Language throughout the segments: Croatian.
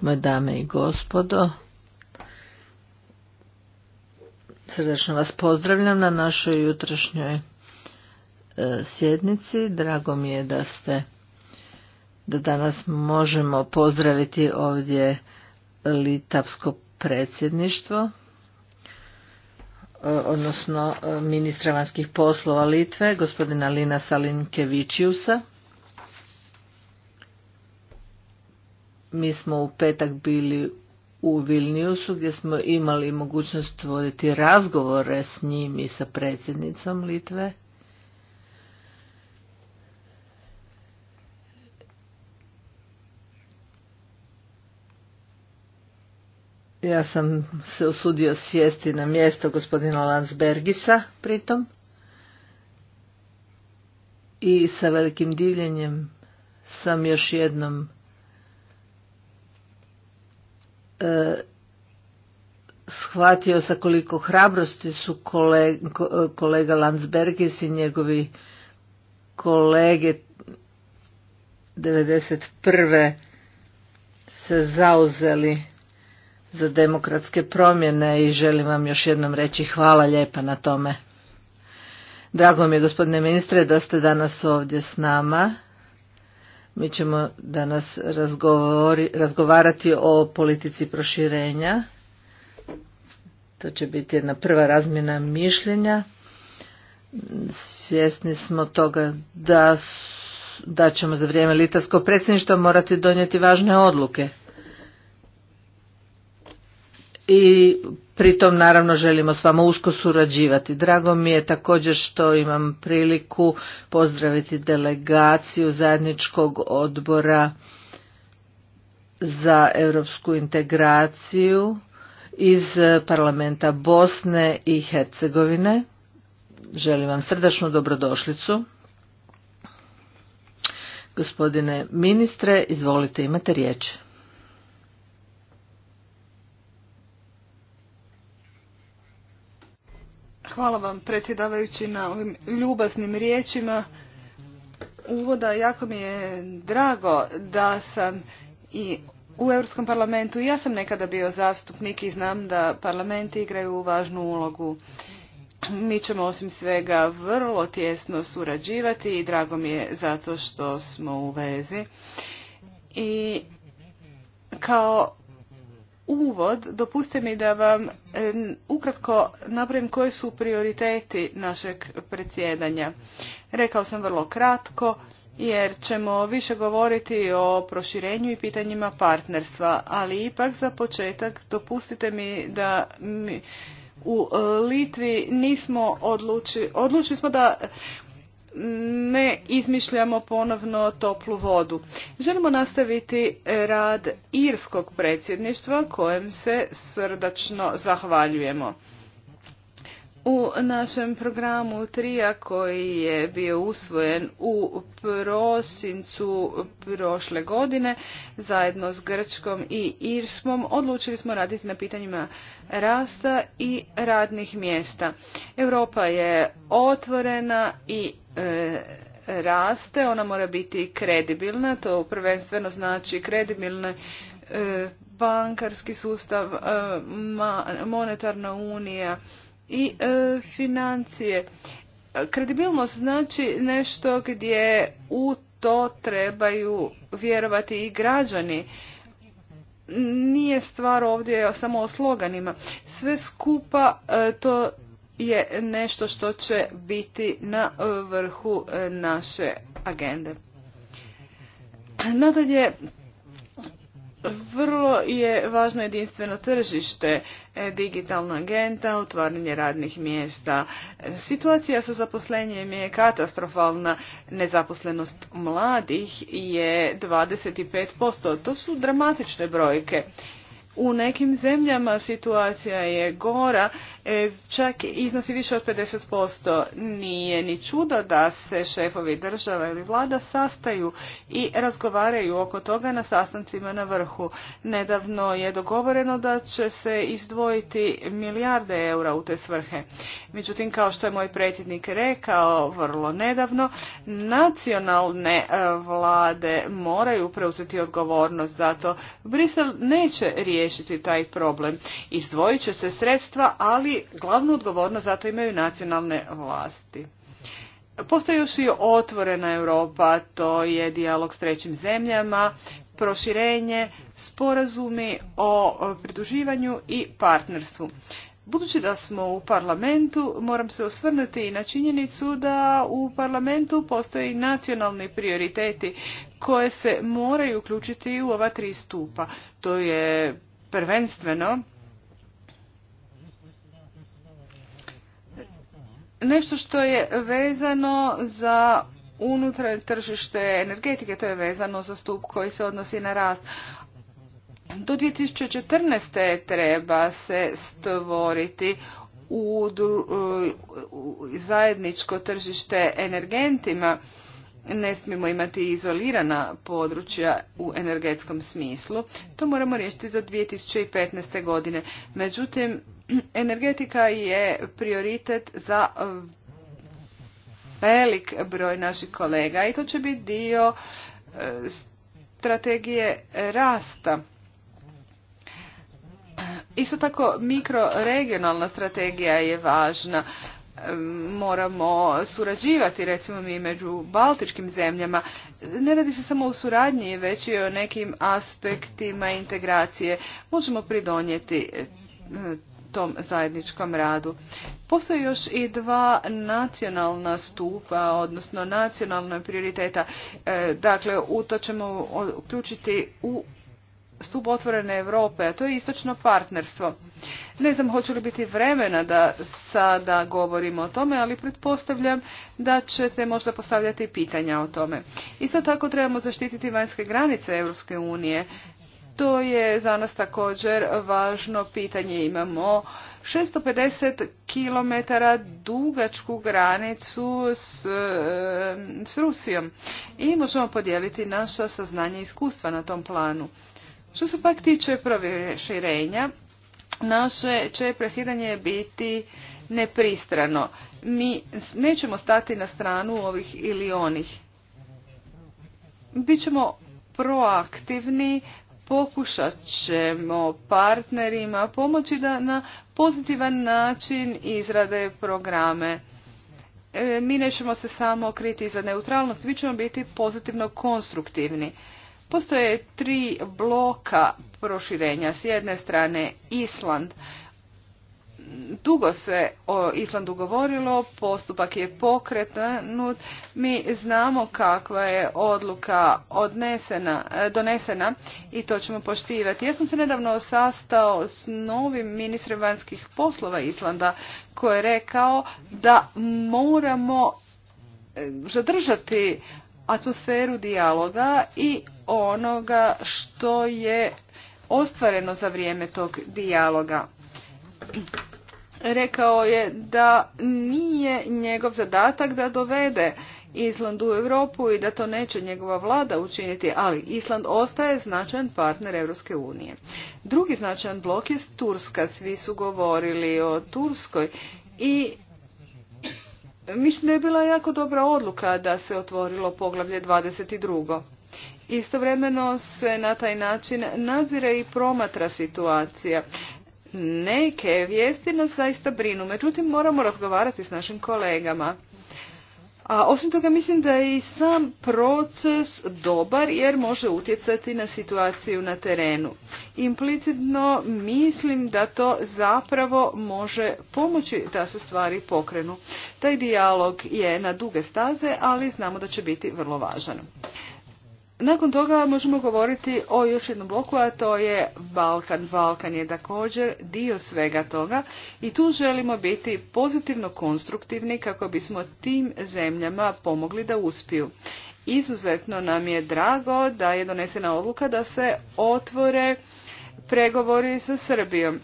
meine dame i gospodo, srdečno vas pozdravljam na našoj jutrašnjoj e, sjednici. Drago mi je da ste, da danas možemo pozdraviti ovdje Litavsko predsjedništvo e, odnosno e, ministra vanjskih poslova Litve, gospodina Lina Salinkevičiusa. Mi smo u petak bili u Vilniusu gdje smo imali mogućnost voditi razgovore s njim i sa predsjednicom Litve. Ja sam se usudio sjesti na mjesto gospodina Landsbergisa pritom i sa velikim divljenjem sam još jednom shvatio sa koliko hrabrosti su kolega, kolega Landsbergis i njegovi kolege 1991. se zauzeli za demokratske promjene i želim vam još jednom reći hvala lijepa na tome. Drago mi je gospodine ministre da ste danas ovdje s nama. Mi ćemo danas razgovarati o politici proširenja. To će biti jedna prva razmjena mišljenja. Svjesni smo toga da, ćemo za vrijeme litarskog predsjedništva morati donijeti važne odluke i pritom naravno želimo s vama usko surađivati. Drago mi je također što imam priliku pozdraviti delegaciju zajedničkog odbora za europsku integraciju iz parlamenta Bosne i Hercegovine. Želim vam srdačnu dobrodošlicu. Gospodine ministre, izvolite, imate riječ. Hvala vam predsjedavajući na ovim ljubaznim riječima. Uvoda jako mi je drago da sam i u Europskom parlamentu. Ja sam nekada bio zastupnik i znam da parlamenti igraju važnu ulogu. Mi ćemo osim svega vrlo tjesno surađivati i drago mi je zato što smo u vezi. I kao uvod, dopustite mi da vam ukratko napravim koji su prioriteti našeg predsjedanja. Rekao sam vrlo kratko jer ćemo više govoriti o proširenju i pitanjima partnerstva, ali ipak za početak dopustite mi da mi u e, Litvi nismo odlučili, odlučili smo da ne izmišljamo ponovno toplu vodu. Želimo nastaviti rad irskog predsjedništva kojem se srdačno zahvaljujemo. U našem programu Trija koji je bio usvojen u prosincu prošle godine zajedno s Grčkom i Irskom odlučili smo raditi na pitanjima rasta i radnih mjesta. Europa je otvorena i e, raste, ona mora biti kredibilna, to prvenstveno znači kredibilne e, bankarski sustav, e, monetarna unija i e, financije. Kredibilnost znači nešto gdje u to trebaju vjerovati i građani. Nije stvar ovdje samo o sloganima. Sve skupa e, to je nešto što će biti na vrhu e, naše agende. Nadalje, vrlo je važno jedinstveno tržište, e, digitalna agenta, otvaranje radnih mjesta. E, situacija sa zaposlenjem je katastrofalna. Nezaposlenost mladih je 25%. To su dramatične brojke. U nekim zemljama situacija je gora E, čak iznosi više od 50%. Nije ni čudo da se šefovi država ili vlada sastaju i razgovaraju oko toga na sastancima na vrhu. Nedavno je dogovoreno da će se izdvojiti milijarde eura u te svrhe. Međutim, kao što je moj predsjednik rekao vrlo nedavno, nacionalne e, vlade moraju preuzeti odgovornost za to. Brisel neće riješiti taj problem. Izdvojit će se sredstva, ali glavnu odgovornost zato imaju nacionalne vlasti. Postoji još i otvorena Europa, to je dijalog s trećim zemljama, proširenje, sporazumi o pridruživanju i partnerstvu. Budući da smo u parlamentu, moram se osvrnuti i na činjenicu da u parlamentu postoje nacionalni prioriteti koje se moraju uključiti u ova tri stupa. To je prvenstveno nešto što je vezano za unutra tržište energetike, to je vezano za stup koji se odnosi na rast. Do 2014. treba se stvoriti u zajedničko tržište energentima ne smijemo imati izolirana područja u energetskom smislu. To moramo riješiti do 2015. godine. Međutim, energetika je prioritet za velik broj naših kolega i to će biti dio e, strategije rasta. Isto tako mikroregionalna strategija je važna moramo surađivati recimo mi među baltičkim zemljama. Ne radi se samo o suradnji, već i o nekim aspektima integracije. Možemo pridonijeti e, tom zajedničkom radu. Postoje još i dva nacionalna stupa, odnosno nacionalna prioriteta. E, dakle, u to ćemo uključiti u stup otvorene Europe, a to je istočno partnerstvo. Ne znam hoće li biti vremena da sada govorimo o tome, ali pretpostavljam da ćete možda postavljati pitanja o tome. Isto tako trebamo zaštititi vanjske granice Europske unije. To je za nas također važno pitanje. Imamo 650 km dugačku granicu s, eh, s Rusijom i možemo podijeliti naša saznanja i iskustva na tom planu. Što se pak tiče proširenja, naše će presjedanje biti nepristrano. Mi nećemo stati na stranu ovih ili onih. Bićemo proaktivni, pokušat ćemo partnerima pomoći da na pozitivan način izrade programe. E, mi nećemo se samo kriti za neutralnost, mi ćemo biti pozitivno konstruktivni. Postoje tri bloka proširenja. S jedne strane Island. Dugo se o Islandu govorilo, postupak je pokretan. Mi znamo kakva je odluka donesena i to ćemo poštivati. Ja sam se nedavno sastao s novim ministrem vanjskih poslova Islanda koji je rekao da moramo eh, zadržati atmosferu dijaloga i onoga što je ostvareno za vrijeme tog dijaloga. Rekao je da nije njegov zadatak da dovede Island u Europu i da to neće njegova vlada učiniti, ali Island ostaje značajan partner Europske unije. Drugi značajan blok je Turska, svi su govorili o Turskoj i Mislim da je bila jako dobra odluka da se otvorilo poglavlje 22. Istovremeno se na taj način nadzire i promatra situacija. Neke vijesti nas zaista brinu, međutim moramo razgovarati s našim kolegama. A osim toga mislim da je i sam proces dobar jer može utjecati na situaciju na terenu. Implicitno mislim da to zapravo može pomoći da se stvari pokrenu. Taj dijalog je na duge staze, ali znamo da će biti vrlo važan. Nakon toga možemo govoriti o još jednom bloku, a to je Balkan. Balkan je također dio svega toga i tu želimo biti pozitivno konstruktivni kako bismo tim zemljama pomogli da uspiju. Izuzetno nam je drago da je donesena odluka da se otvore pregovori sa Srbijom.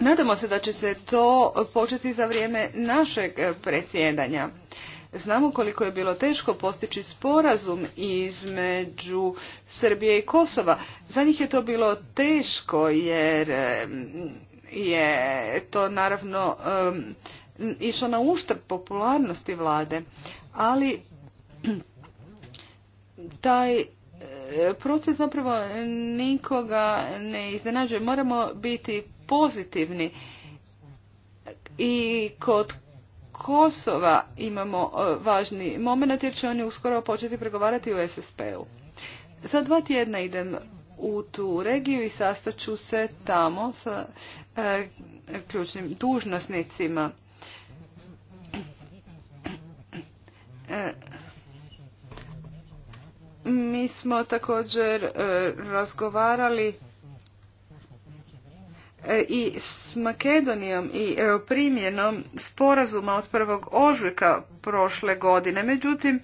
Nadamo se da će se to početi za vrijeme našeg predsjedanja. Znamo koliko je bilo teško postići sporazum između Srbije i Kosova. Za njih je to bilo teško jer je to naravno išlo na uštrb popularnosti vlade. Ali taj e, proces zapravo nikoga ne iznenađuje. Moramo biti pozitivni i kod Kosova imamo e, važni moment jer će oni uskoro početi pregovarati u SSP-u. Za dva tjedna idem u tu regiju i sastaću se tamo sa e, ključnim dužnosnicima. E, mi smo također razgovarali E, i s Makedonijom i e, primjenom sporazuma od prvog ožujka prošle godine. Međutim,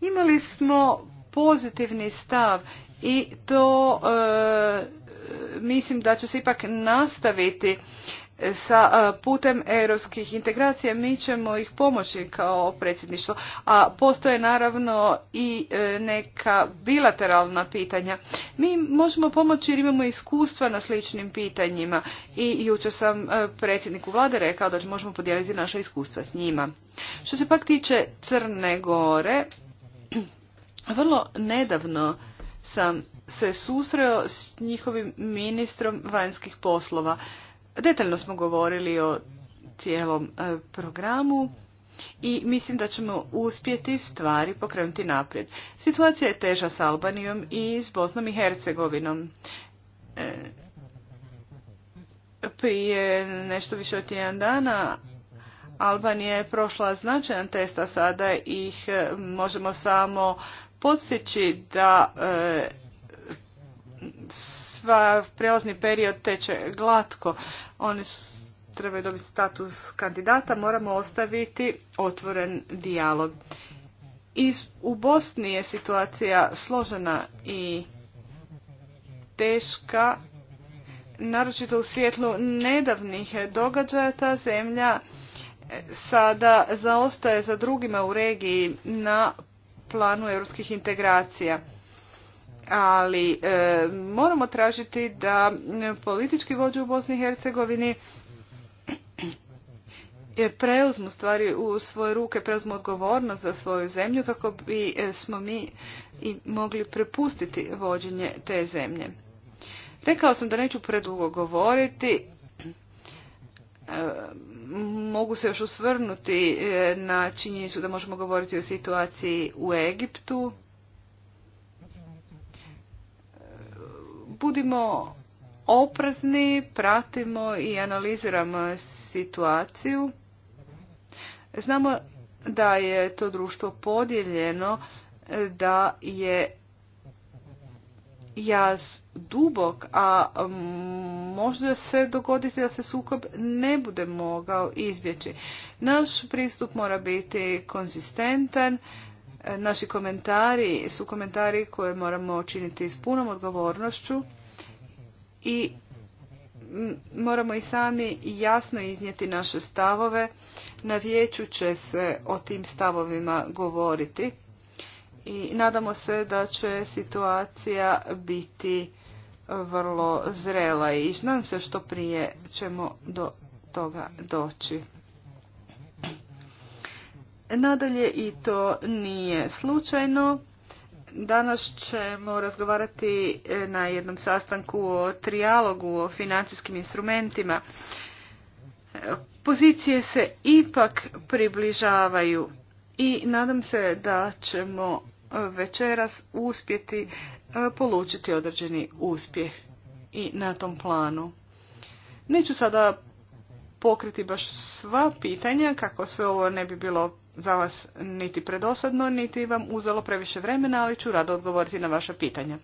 imali smo pozitivni stav i to e, mislim da će se ipak nastaviti sa e, putem europskih integracija mi ćemo ih pomoći kao predsjedništvo a postoje naravno i e, neka bilateralna pitanja mi možemo pomoći jer imamo iskustva na sličnim pitanjima i jučer sam e, predsjedniku vlade rekao da možemo podijeliti naša iskustva s njima što se pak tiče crne gore vrlo nedavno sam se susreo s njihovim ministrom vanjskih poslova Detaljno smo govorili o cijelom e, programu i mislim da ćemo uspjeti stvari pokrenuti naprijed. Situacija je teža s Albanijom i s Bosnom i Hercegovinom. E, prije nešto više od tjedan dana Albanija je prošla značajan test, a sada ih e, možemo samo podsjeći da sva prelazni period teče glatko. Oni trebaju dobiti status kandidata, moramo ostaviti otvoren dijalog. u Bosni je situacija složena i teška, naročito u svjetlu nedavnih događaja ta zemlja e, sada zaostaje za drugima u regiji na planu europskih integracija ali e, moramo tražiti da politički vođe u Bosni i Hercegovini preuzmu stvari u svoje ruke, preuzmu odgovornost za svoju zemlju kako bi e, smo mi i mogli prepustiti vođenje te zemlje. Rekao sam da neću predugo govoriti. E, mogu se još osvrnuti na činjenicu da možemo govoriti o situaciji u Egiptu, budimo oprezni, pratimo i analiziramo situaciju. Znamo da je to društvo podijeljeno, da je jaz dubok, a možda se dogoditi da se sukob ne bude mogao izbjeći. Naš pristup mora biti konzistentan Naši komentari su komentari koje moramo činiti s punom odgovornošću i moramo i sami jasno iznijeti naše stavove. Na vijeću će se o tim stavovima govoriti i nadamo se da će situacija biti vrlo zrela i nadam se što prije ćemo do toga doći. Nadalje i to nije slučajno. Danas ćemo razgovarati e, na jednom sastanku o trijalogu o financijskim instrumentima. E, pozicije se ipak približavaju i nadam se da ćemo večeras uspjeti e, polučiti određeni uspjeh i na tom planu. Neću sada pokriti baš sva pitanja kako sve ovo ne bi bilo za vas niti predosadno, niti vam uzelo previše vremena, ali ću rado odgovoriti na vaša pitanja.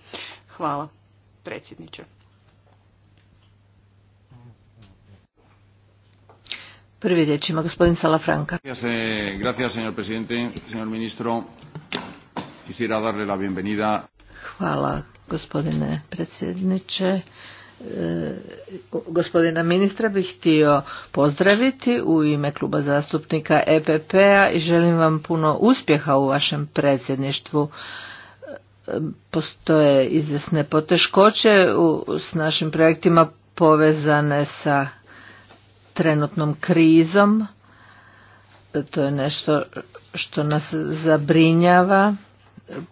Hvala, predsjedniče. Prvi riječ ima gospodin Salafranca. Eh, gracias, señor presidente, señor ministro. Quisiera darle la bienvenida. Hvala, gospodine predsjedniče. E, gospodina ministra bih htio pozdraviti u ime kluba zastupnika EPP-a i želim vam puno uspjeha u vašem predsjedništvu. E, postoje izvjesne poteškoće s našim projektima povezane sa trenutnom krizom. E, to je nešto što nas zabrinjava.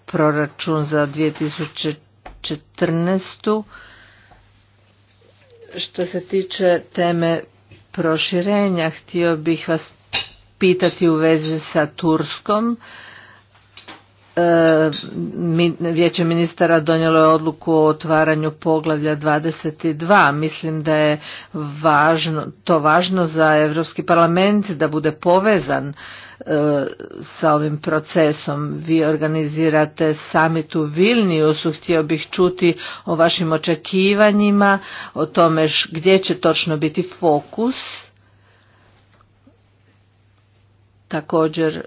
Proračun za 2014 što se tiče teme proširenja, htio bih vas pitati u vezi sa Turskom. E, Vijeće ministara donijelo je odluku o otvaranju poglavlja 22. Mislim da je važno, to važno za Europski parlament da bude povezan E, sa ovim procesom. Vi organizirate summit u Vilniusu, htio bih čuti o vašim očekivanjima, o tome gdje će točno biti fokus. Također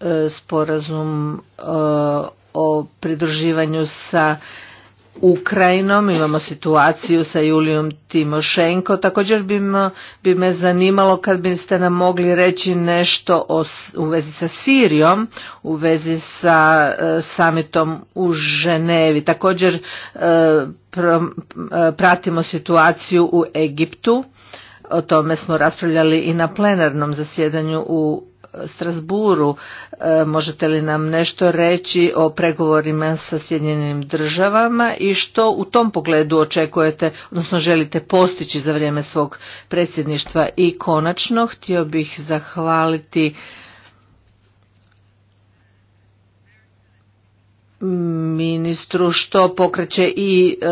e, sporazum e, o pridruživanju sa Ukrajinom, imamo situaciju sa Julijom Timošenko. Također bi, bi me zanimalo kad biste nam mogli reći nešto u vezi sa Sirijom, u vezi sa e, samitom u Ženevi. Također e, e, pratimo situaciju u Egiptu, o tome smo raspravljali i na plenarnom zasjedanju u Strasburu. E, možete li nam nešto reći o pregovorima sa Sjedinjenim državama i što u tom pogledu očekujete, odnosno želite postići za vrijeme svog predsjedništva i konačno htio bih zahvaliti ministru što pokreće i e,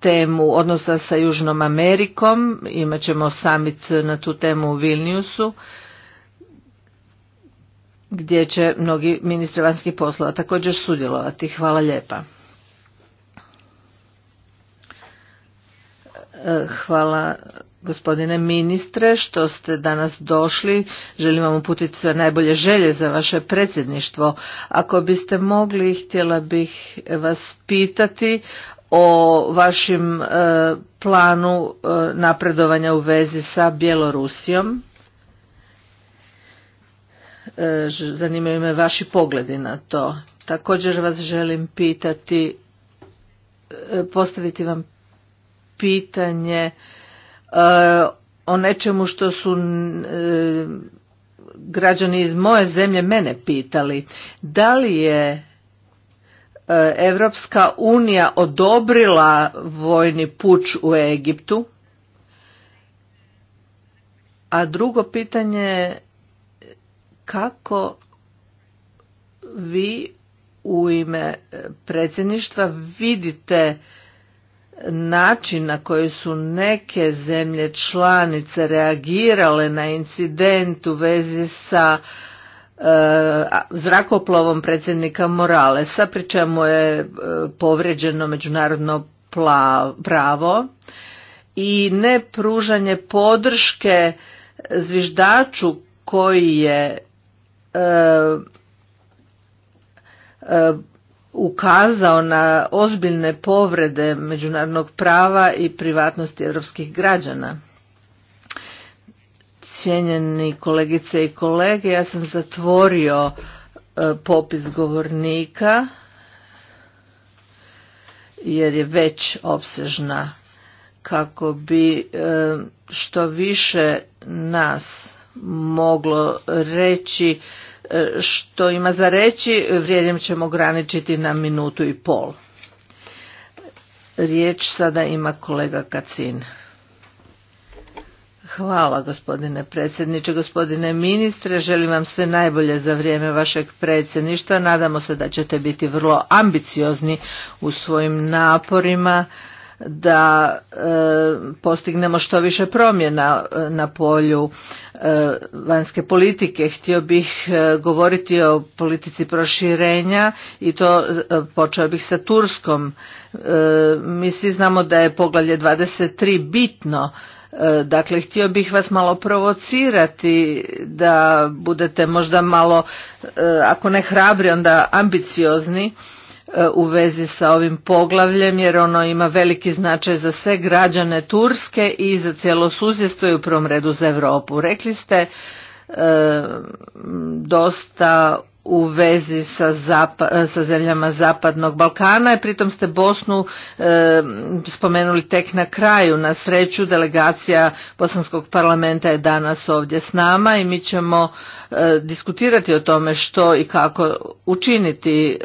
temu odnosa sa Južnom Amerikom. Imaćemo summit na tu temu u Vilniusu gdje će mnogi ministri vanjskih poslova također sudjelovati. Hvala lijepa. E, hvala gospodine ministre što ste danas došli. Želim vam uputiti sve najbolje želje za vaše predsjedništvo. Ako biste mogli, htjela bih vas pitati o vašim e, planu e, napredovanja u vezi sa Bjelorusijom. E, zanimaju me vaši pogledi na to. Također vas želim pitati, e, postaviti vam pitanje e, o nečemu što su građani iz moje zemlje mene pitali. Da li je Evropska unija odobrila vojni puč u Egiptu? A drugo pitanje kako vi u ime e, predsjedništva vidite način na koji su neke zemlje članice reagirale na incident u vezi sa e, zrakoplovom predsjednika Moralesa, pri čemu je povređeno povrijeđeno međunarodno pravo i ne pružanje podrške zviždaču koji je E, e, ukazao na ozbiljne povrede međunarodnog prava i privatnosti europskih građana. Cijenjeni kolegice i kolege, ja sam zatvorio e, popis govornika jer je već opsežna kako bi što više nas moglo reći E, što ima za reći, vrijedim ćemo ograničiti na minutu i pol. Riječ sada ima kolega Kacin. Hvala gospodine predsjedniče, gospodine ministre, želim vam sve najbolje za vrijeme vašeg predsjedništva. Nadamo se da ćete biti vrlo ambiciozni u svojim naporima da e, postignemo što više promjena e, na polju e, vanjske politike. Htio bih govoriti o politici proširenja i to počeo bih sa Turskom. Mi svi znamo da je poglavlje 23 bitno Dakle, htio bih vas malo provocirati da budete možda malo, ako ne hrabri, onda ambiciozni E, u vezi sa ovim poglavljem jer ono ima veliki značaj za sve građane Turske i za cijelo susjedstvo i u prvom redu za Europu. Rekli ste e, dosta u vezi sa, e, sa zemljama Zapadnog Balkana i pritom ste Bosnu e, spomenuli tek na kraju. Na sreću delegacija Bosanskog parlamenta je danas ovdje s nama i mi ćemo e, diskutirati o tome što i kako učiniti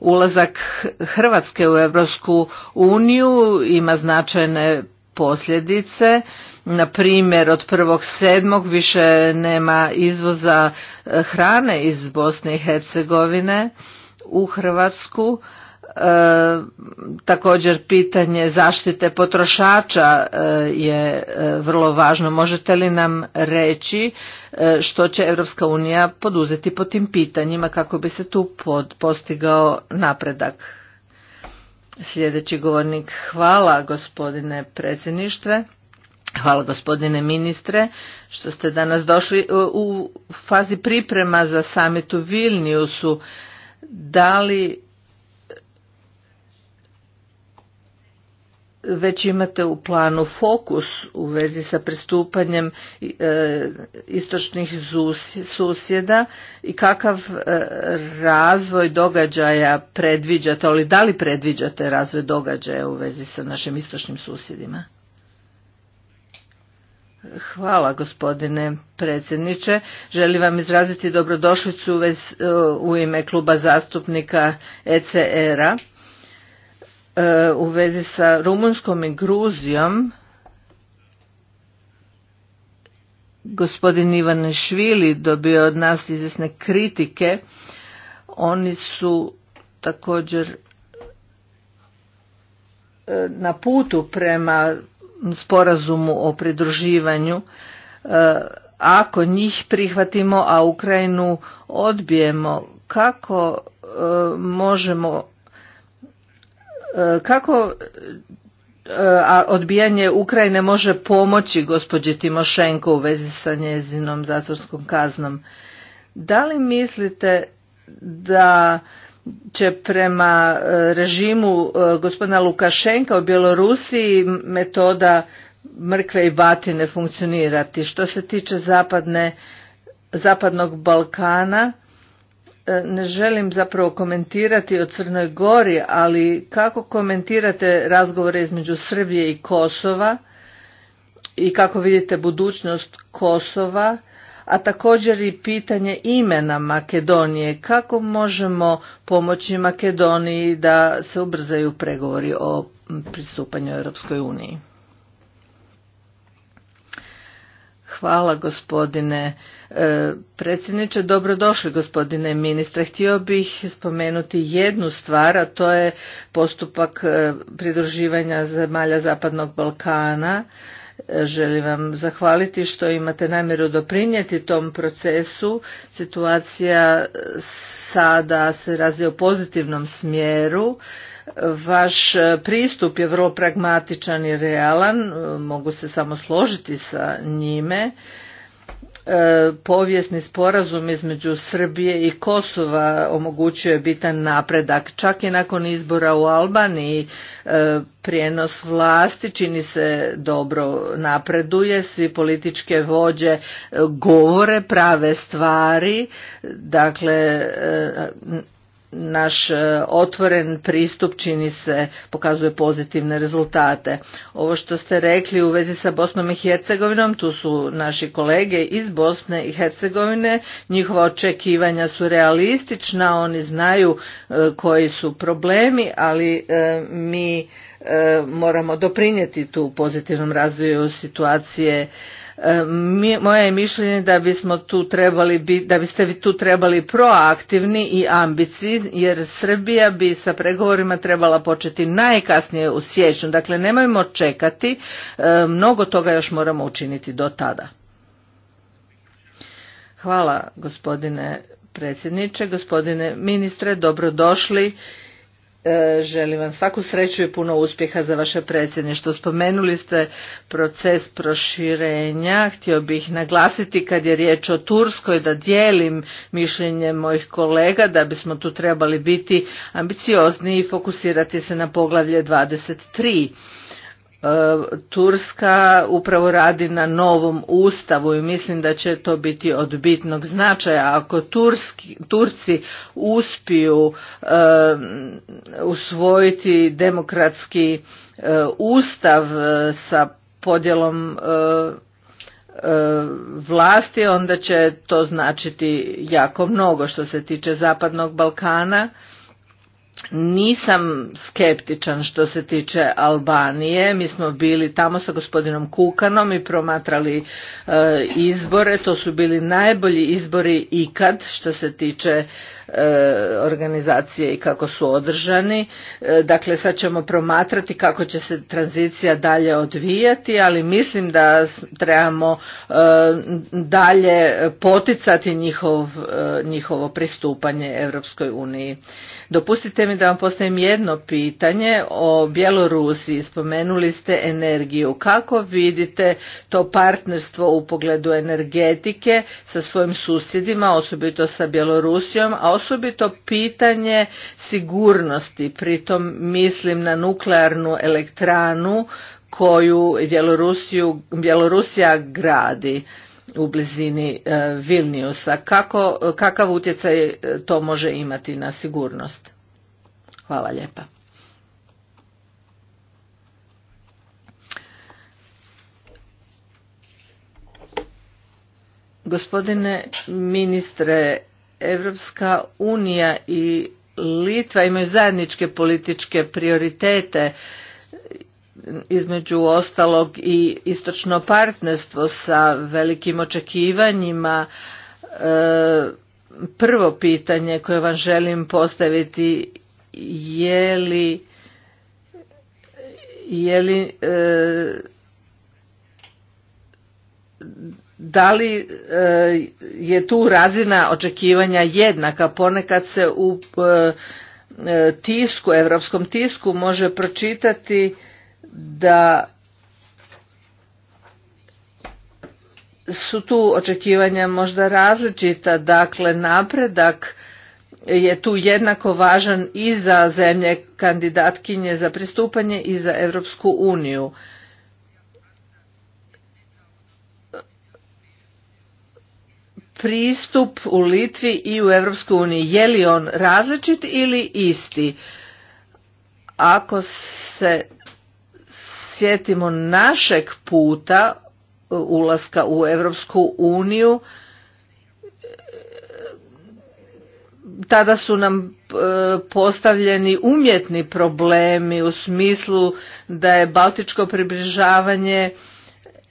ulazak Hrvatske u Europsku uniju ima značajne posljedice na primjer od sedmog više nema izvoza e, hrane iz Bosne i Hercegovine u Hrvatsku. E, također pitanje zaštite potrošača e, je vrlo važno. Možete li nam reći što će Europska unija poduzeti po tim pitanjima kako bi se tu postigao napredak? Sljedeći govornik, hvala gospodine predsjedništve. Hvala gospodine ministre što ste danas došli e, u fazi priprema za samit u Vilniusu. Da li već imate u planu fokus u vezi sa pristupanjem e, istočnih susjeda i kakav e, razvoj događaja predviđate, ali da li predviđate razvoj događaja u vezi sa našim istočnim susjedima? Hvala gospodine predsjedniče. Želim vam izraziti dobrodošlicu u e, ime kluba zastupnika ECR-a. E e, u vezi sa Rumunskom i Gruzijom gospodin Ivan Švili dobio od nas izvjesne kritike. Oni su također na putu prema sporazumu o pridruživanju e, ako njih prihvatimo a Ukrajinu odbijemo kako e, možemo e, kako a odbijanje Ukrajine može pomoći gospođi Timošenko u vezi sa njezinom zatvorskom kaznom. Da li mislite da će prema e, režimu e, gospodina Lukašenka u Bjelorusiji metoda mrkve i batine funkcionirati. Što se tiče zapadne, zapadnog Balkana, e, ne želim zapravo komentirati o Crnoj Gori, ali kako komentirate razgovore između Srbije i Kosova i kako vidite budućnost Kosova – a također i pitanje imena Makedonije. Kako možemo pomoći Makedoniji da se ubrzaju pregovori o pristupanju Europskoj uniji? Hvala gospodine e, predsjedniče. Dobrodošli gospodine ministre. Htio bih spomenuti jednu stvar, a to je postupak e, pridruživanja zemalja Zapadnog Balkana. Želim vam zahvaliti što imate namjeru doprinijeti tom procesu. Situacija sada se razvija u pozitivnom smjeru. Vaš pristup je vrlo pragmatičan i realan, mogu se samo složiti sa njime. E, povijesni sporazum između Srbije i Kosova omogućuje bitan napredak. Čak i nakon izbora u Albaniji e, prijenos vlasti čini se dobro napreduje, svi političke vođe e, govore prave stvari, dakle naš e, otvoren pristup čini se pokazuje pozitivne rezultate. Ovo što ste rekli u vezi sa Bosnom i Hercegovinom, tu su naši kolege iz Bosne i Hercegovine, njihova očekivanja su realistična, oni znaju e, koji su problemi, ali e, mi moramo doprinijeti tu pozitivnom razvoju situacije moje je mišljenje da bismo tu trebali biti, da biste vi tu trebali proaktivni i ambiciozni jer Srbija bi sa pregovorima trebala početi najkasnije u siječnju. Dakle, nemojmo čekati, e, mnogo toga još moramo učiniti do tada. Hvala gospodine predsjedniče, gospodine ministre, dobrodošli E, želim vam svaku sreću i puno uspjeha za vaše predsjedništvo. Spomenuli ste proces proširenja. Htio bih naglasiti kad je riječ o Turskoj da dijelim mišljenje mojih kolega da bismo tu trebali biti ambiciozni i fokusirati se na poglavlje 23. Turska upravo radi na novom ustavu i mislim da će to biti od bitnog značaja. Ako Turski, Turci uspiju usvojiti demokratski e, ustav e, sa podjelom e, vlasti, onda će to značiti jako mnogo što se tiče Zapadnog Balkana nisam skeptičan što se tiče Albanije. Mi smo bili tamo sa gospodinom Kukanom i promatrali e, izbore. To su bili najbolji izbori ikad što se tiče E, organizacije i kako su održani. E, dakle, sad ćemo promatrati kako će se tranzicija dalje odvijati, ali mislim da trebamo e, dalje poticati njihov, njihovo pristupanje Europskoj uniji. Dopustite mi da vam postavim jedno pitanje o Bjelorusiji. Spomenuli ste energiju. Kako vidite to partnerstvo u pogledu energetike sa svojim susjedima, osobito sa Bjelorusijom, a osobito pitanje sigurnosti. Pritom mislim na nuklearnu elektranu koju Bjelorusiju, Bjelorusija gradi u blizini e, Vilniusa. Kako, kakav utjecaj e, to može imati na sigurnost? Hvala lijepa. Gospodine ministre Evropska unija i Litva imaju zajedničke političke prioritete između ostalog i istočno partnerstvo sa velikim očekivanjima. E, prvo pitanje koje vam želim postaviti je li je li e, da li e, je tu razina očekivanja jednaka ponekad se u e, e, tisku europskom tisku može pročitati da su tu očekivanja možda različita dakle napredak je tu jednako važan i za zemlje kandidatkinje za pristupanje i za Europsku uniju pristup u Litvi i u Europsku uniju, je li on različit ili isti? Ako se sjetimo našeg puta e, ulaska u Europsku uniju, e, tada su nam e, postavljeni umjetni problemi u smislu da je baltičko približavanje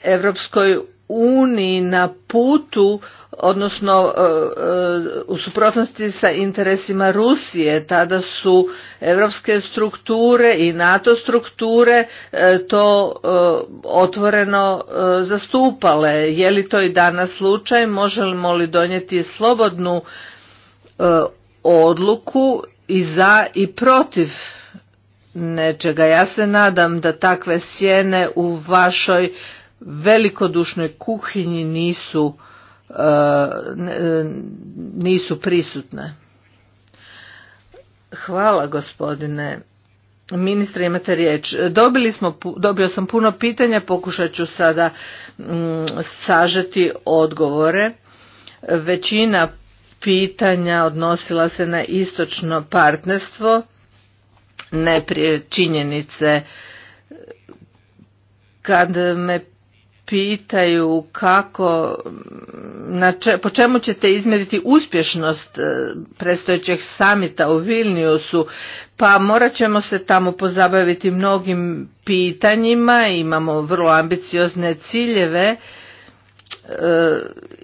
Europskoj uniji na putu odnosno e, e, u suprotnosti sa interesima Rusije tada su europske strukture i NATO strukture e, to otvoreno zastupale je li to i danas slučaj možemo li donijeti slobodnu odluku i za i protiv nečega ja se nadam da takve sjene u vašoj velikodušnoj kuhinji nisu, e, e, nisu prisutne. Hvala gospodine ministre imate riječ. Dobili smo, dobio sam puno pitanja, pokušat ću sada mm, sažeti odgovore. Većina pitanja odnosila se na istočno partnerstvo, ne prije činjenice. Kad me pitaju kako, na po čemu ćete izmjeriti uspješnost e, predstojećeg samita u Vilniusu, pa morat ćemo se tamo pozabaviti mnogim pitanjima, imamo vrlo ambiciozne ciljeve e,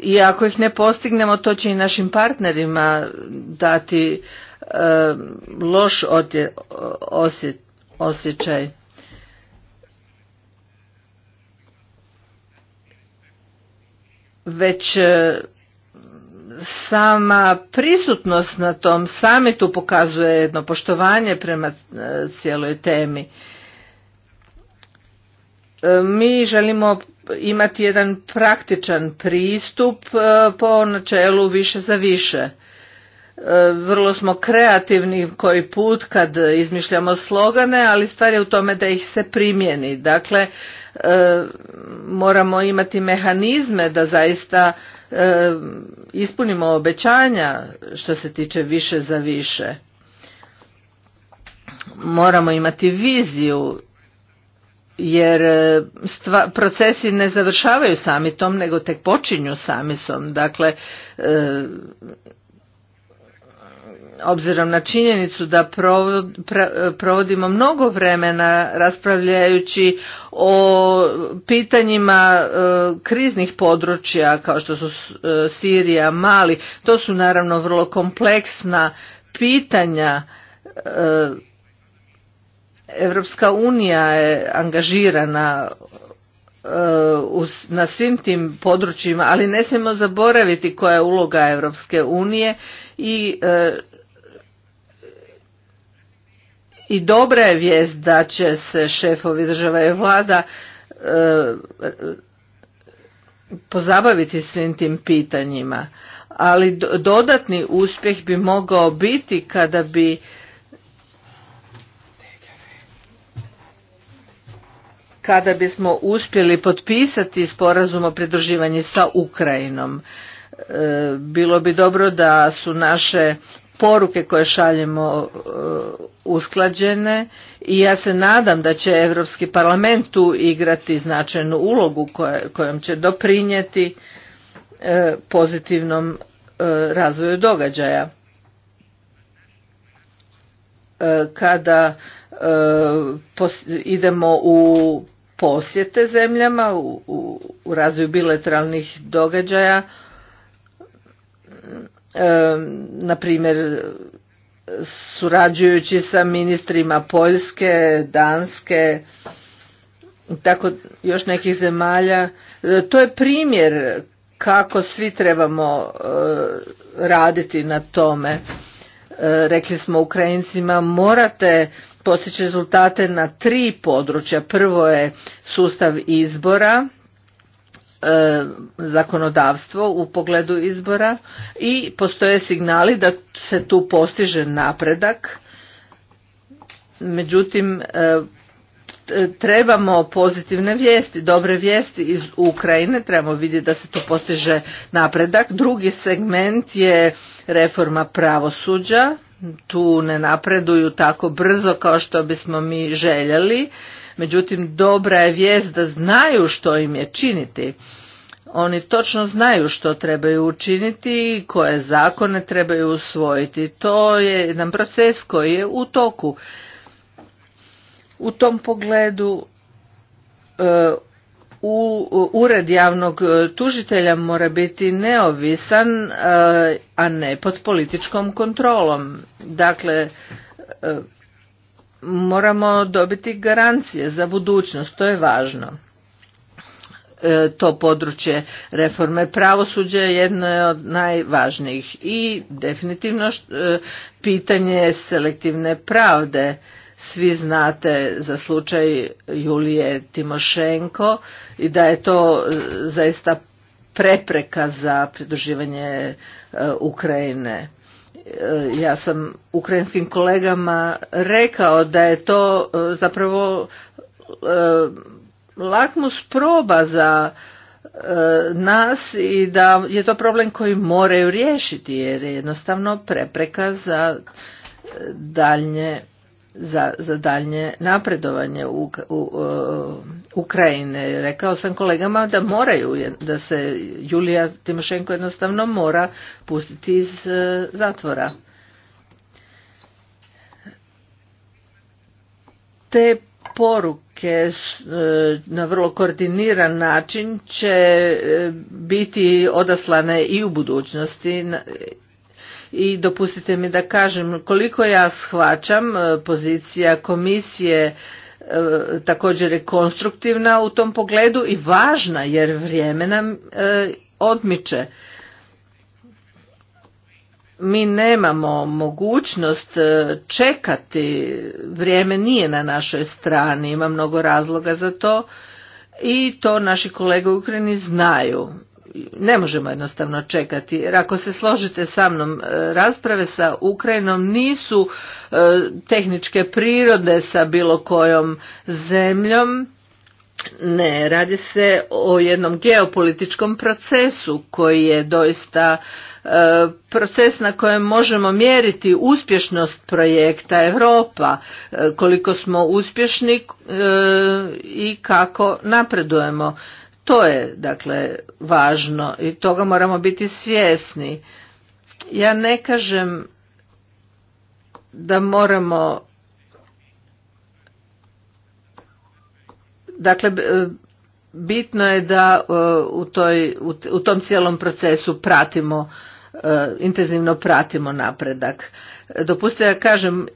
i ako ih ne postignemo to će i našim partnerima dati e, loš osjećaj. već e, sama prisutnost na tom samitu pokazuje jedno poštovanje prema e, cijeloj temi. E, mi želimo imati jedan praktičan pristup po načelu više za više vrlo smo kreativni koji put kad izmišljamo slogane, ali stvar je u tome da ih se primjeni. Dakle, e, moramo imati mehanizme da zaista e, ispunimo obećanja što se tiče više za više. Moramo imati viziju jer e, procesi ne završavaju sami tom nego tek počinju samisom. Dakle, obzirom na činjenicu da provodimo mnogo vremena raspravljajući o pitanjima e, kriznih područja kao što su e, Sirija, Mali, to su naravno vrlo kompleksna pitanja. E, Evropska unija je angažirana na svim tim područjima, ali ne smijemo zaboraviti koja je uloga Evropske unije i i dobra je vijest da će se šefovi država i vlada e, pozabaviti svim tim pitanjima ali dodatni uspjeh bi mogao biti kada bi kada bismo uspjeli potpisati sporazum o pridruživanju sa Ukrajinom. E, bilo bi dobro da su naše poruke koje šaljemo e, usklađene i ja se nadam da će Europski parlament tu igrati značajnu ulogu kojom će doprinijeti e, pozitivnom e, razvoju događaja. Kada idemo u posjete zemljama, u razvoju bilateralnih događaja, na primjer surađujući sa ministrima Poljske, Danske, tako još nekih zemalja. E, to je primjer kako svi trebamo e, raditi na tome. E, rekli smo Ukrajincima morate postići rezultate na tri područja. Prvo je sustav izbora, E, zakonodavstvo u pogledu izbora i postoje signali da se tu postiže napredak. Međutim, e, trebamo pozitivne vijesti, dobre vijesti iz Ukrajine, trebamo vidjeti da se tu postiže napredak. Drugi segment je reforma pravosuđa, tu ne napreduju tako brzo kao što bismo mi željeli Međutim, dobra je vijest da znaju što im je činiti. Oni točno znaju što trebaju učiniti i koje zakone trebaju usvojiti. To je jedan proces koji je u toku. U tom pogledu e, u ured javnog e, tužitelja mora biti neovisan e, a ne pod političkom kontrolom dakle moramo dobiti garancije za budućnost, to je važno. E, to područje reforme pravosuđa jedno je od najvažnijih i definitivno e, pitanje selektivne pravde. Svi znate za slučaj Julije Timošenko i da je to e, zaista prepreka za pridruživanje Ukrajine E, ja sam ukrajinskim kolegama rekao da je to e, zapravo e, lakmus proba za nas i da je to problem koji moraju riješiti jer je jednostavno prepreka za daljnje za, za daljnje napredovanje u Ukrajine. Rekao sam kolegama da moraju, da se Julija Timošenko jednostavno mora pustiti iz e, zatvora. Te poruke e, na vrlo koordiniran način će e, biti odaslane i u budućnosti i dopustite mi da kažem koliko ja shvaćam pozicija komisije E, također je konstruktivna u tom pogledu i važna jer vrijeme nam e, odmiče. Mi nemamo mogućnost e, čekati, vrijeme nije na našoj strani, ima mnogo razloga za to i to naši kolege u Ukrajini znaju ne možemo jednostavno čekati. Jer ako se složite sa mnom, e, rasprave sa Ukrajinom nisu e, tehničke prirode sa bilo kojom zemljom. Ne, radi se o jednom geopolitičkom procesu koji je doista e, proces na kojem možemo mjeriti uspješnost projekta Europa, koliko smo uspješni i kako napredujemo. To je dakle važno i toga moramo biti svjesni. Ja ne kažem da moramo dakle bitno je da e, u, toj, u tom cijelom procesu pratimo e, intenzivno pratimo napredak. Dopustite da ja kažem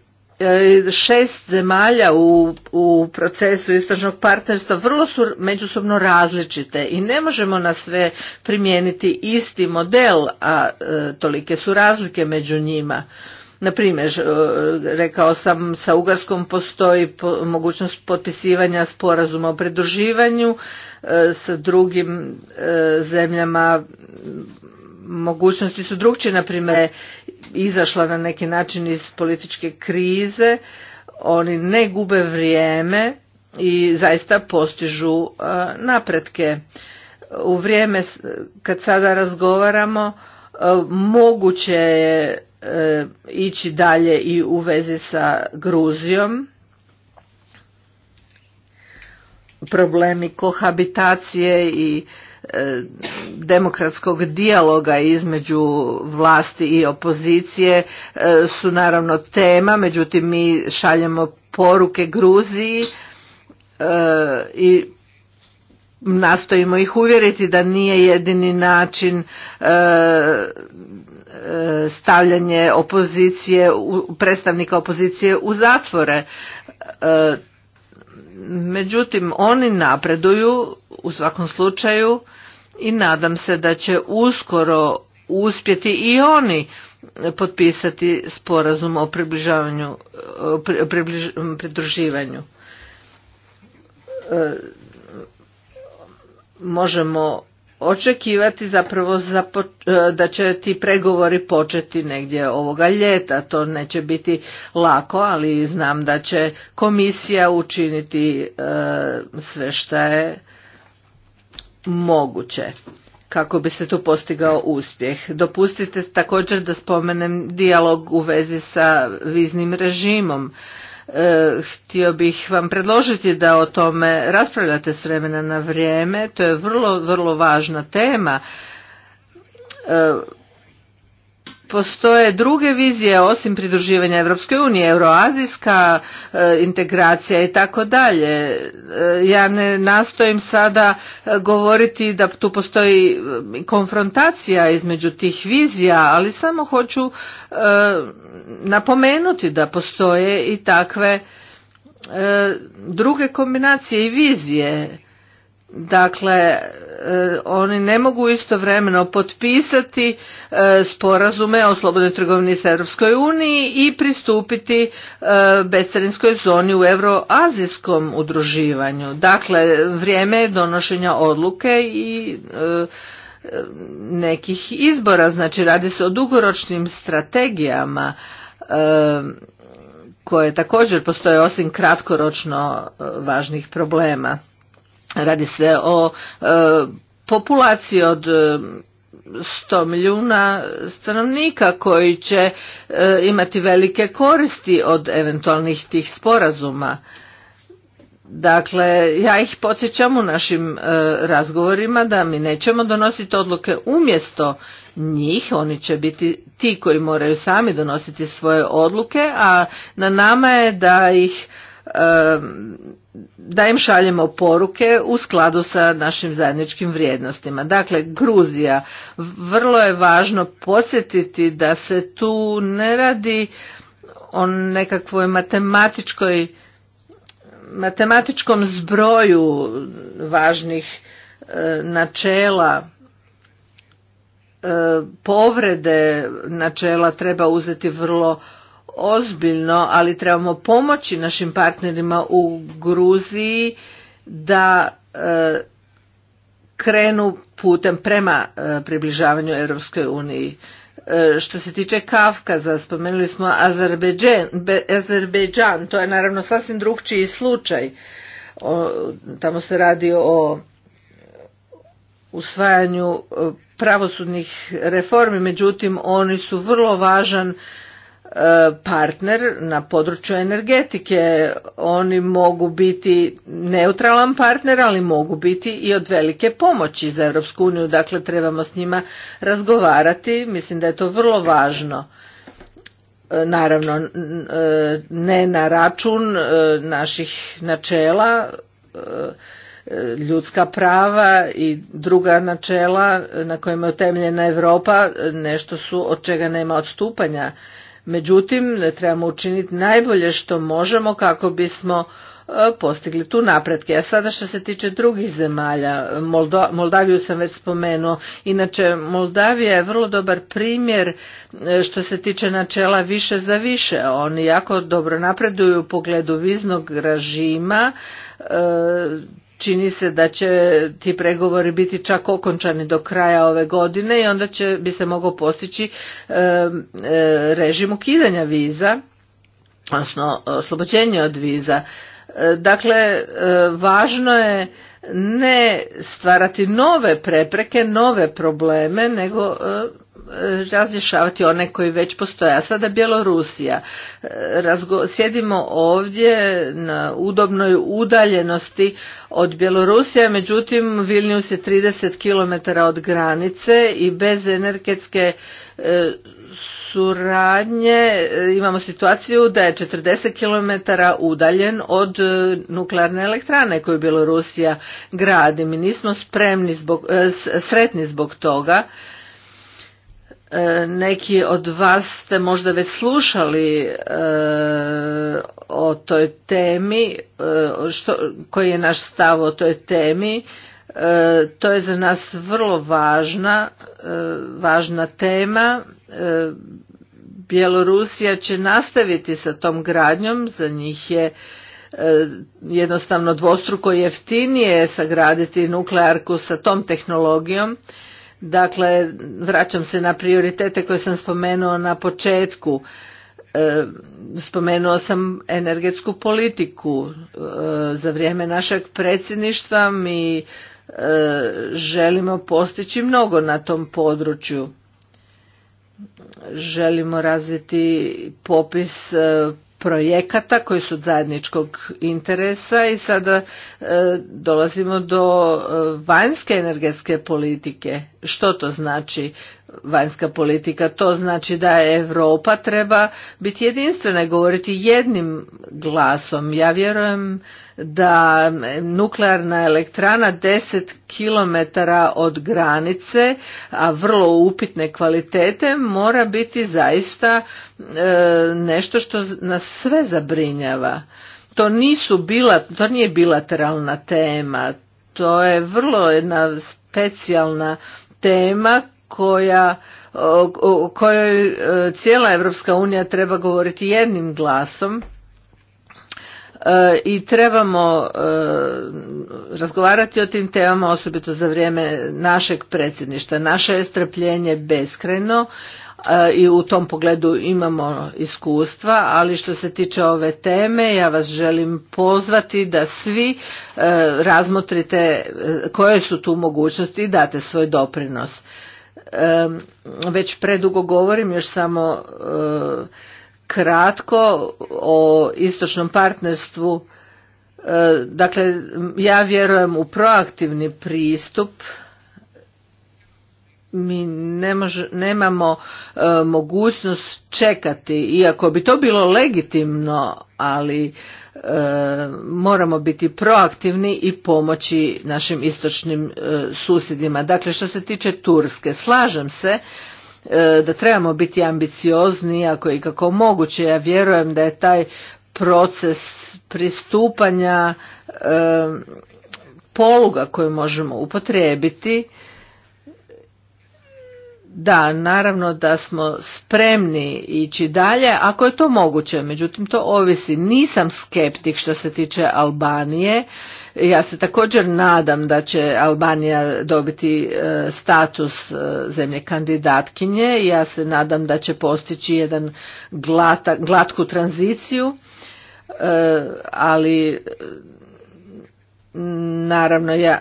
šest zemalja u, u procesu istražnog partnerstva vrlo su međusobno različite i ne možemo na sve primijeniti isti model, a e, tolike su razlike među njima. Na primjer, e, rekao sam, sa Ugarskom postoji mogućnost potpisivanja sporazuma o pridruživanju, e, sa drugim zemljama mogućnosti su drugčije, na primjer, izašla na neki način iz političke krize, oni ne gube vrijeme i zaista postižu e, napretke. U vrijeme kad sada razgovaramo, e, moguće je e, ići dalje i u vezi sa Gruzijom. Problemi kohabitacije i E, demokratskog dijaloga između vlasti i opozicije e, su naravno tema, međutim mi šaljemo poruke Gruziji e, i nastojimo ih uvjeriti da nije jedini način stavljanje opozicije, predstavnika opozicije u zatvore. Međutim, oni napreduju u svakom slučaju i nadam se da će uskoro uspjeti i oni potpisati sporazum o približavanju o pridruživanju e, možemo očekivati zapravo e, da će ti pregovori početi negdje ovoga ljeta to neće biti lako ali znam da će komisija učiniti e, sve što je moguće kako bi se tu postigao uspjeh. Dopustite također da spomenem dijalog u vezi sa viznim režimom. E, htio bih vam predložiti da o tome raspravljate s vremena na vrijeme. To je vrlo, vrlo važna tema. E, postoje druge vizije osim pridruživanja europske unije, euroazijska e, integracija i tako dalje. E, ja ne nastojim sada e, govoriti da tu postoji konfrontacija između tih vizija, ali samo hoću napomenuti da postoje i takve druge kombinacije i vizije Dakle, e, oni ne mogu istovremeno potpisati e, sporazume o slobodnoj trgovini s Europskoj uniji i pristupiti e, bescarinskoj zoni u euroazijskom udruživanju. Dakle, vrijeme je donošenja odluke i nekih izbora, znači radi se o dugoročnim strategijama koje također postoje osim kratkoročno važnih problema. Radi se o e, populaciji od 100 e, milijuna stanovnika koji će e, imati velike koristi od eventualnih tih sporazuma. Dakle, ja ih podsjećam u našim razgovorima da mi nećemo donositi odluke umjesto njih, oni će biti ti koji moraju sami donositi svoje odluke, a na nama je da ih da im šaljemo poruke u skladu sa našim zajedničkim vrijednostima. Dakle, Gruzija, vrlo je važno podsjetiti da se tu ne radi o nekakvoj matematičkoj matematičkom zbroju važnih e, načela e, povrede načela treba uzeti vrlo ozbiljno, ali trebamo pomoći našim partnerima u Gruziji da e, krenu putem prema e, približavanju Europskoj uniji. E, što se tiče Kafkaza, spomenuli smo Azerbejdžan, to je naravno sasvim drugčiji slučaj. tamo se radi o usvajanju pravosudnih reformi, međutim oni su vrlo važan E, partner na području energetike. Oni mogu biti neutralan partner, ali mogu biti i od velike pomoći za Europsku uniju. Dakle, trebamo s njima razgovarati. Mislim da je to vrlo važno. E, naravno, e, ne na račun naših načela, ljudska prava i druga načela na kojima je utemljena Europa, nešto su od čega nema odstupanja Međutim, trebamo učiniti najbolje što možemo kako bismo e, postigli tu napretke. A sada što se tiče drugih zemalja, Moldaviju sam već spomenuo, inače Moldavija je vrlo dobar primjer e, što se tiče načela više za više. Oni jako dobro napreduju u pogledu viznog režima, e, čini se da će ti pregovori biti čak okončani do kraja ove godine i onda će bi se mogao postići e, režim ukidanja viza odnosno oslobođenje od viza e, dakle e, važno je ne stvarati nove prepreke, nove probleme, nego e, razješavati one koji već postoje. A sada Bjelorusija. E, razgo sjedimo ovdje na udobnoj udaljenosti od Bjelorusije, međutim Vilnius je 30 km od granice i bez energetske e, suradnje e, imamo situaciju da je 40 km udaljen od e, nuklearne elektrane koju Bjelorusija gradi. Mi nismo spremni zbog, e, sretni zbog toga. Neki od vas ste možda već slušali o toj temi, što, koji je naš stav o toj temi. E, to je za nas vrlo važna, e, važna tema. E, Bjelorusija će nastaviti sa tom gradnjom, za njih je jednostavno dvostruko jeftinije sagraditi nuklearku sa tom tehnologijom. Dakle, vraćam se na prioritete koje sam spomenuo na početku. Spomenuo sam energetsku politiku. Za vrijeme našeg predsjedništva mi želimo postići mnogo na tom području. Želimo razviti popis e, projekata koji su zajedničkog interesa i sada e, dolazimo do e, vanjske energetske politike što to znači vanjska politika? To znači da Europa treba biti jedinstvena i govoriti jednim glasom. Ja vjerujem da nuklearna elektrana 10 km od granice, a vrlo upitne kvalitete, mora biti zaista e, nešto što nas sve zabrinjava. To, nisu bila, to nije bilateralna tema, to je vrlo jedna specijalna tema koja o kojoj e, cijela Europska unija treba govoriti jednim glasom e, i trebamo e, razgovarati o tim temama osobito za vrijeme našeg predsjedništva. Naše je strpljenje beskreno. E, i u tom pogledu imamo iskustva, ali što se tiče ove teme, ja vas želim pozvati da svi e, razmotrite e, koje su tu mogućnosti i date svoj doprinos. Već predugo govorim, još samo kratko o istočnom partnerstvu. Dakle, ja vjerujem u proaktivni pristup mi ne nemamo e, mogućnost čekati iako bi to bilo legitimno ali e, moramo biti proaktivni i pomoći našim istočnim e, susjedima dakle što se tiče turske slažem se da trebamo biti ambiciozni ako je kako moguće ja vjerujem da je taj proces pristupanja poluga koju možemo upotrijebiti da, naravno da smo spremni ići dalje, ako je to moguće, međutim to ovisi. Nisam skeptik što se tiče Albanije, ja se također nadam da će Albanija dobiti e, status e, zemlje kandidatkinje, ja se nadam da će postići jedan glatku tranziciju, e, ali naravno ja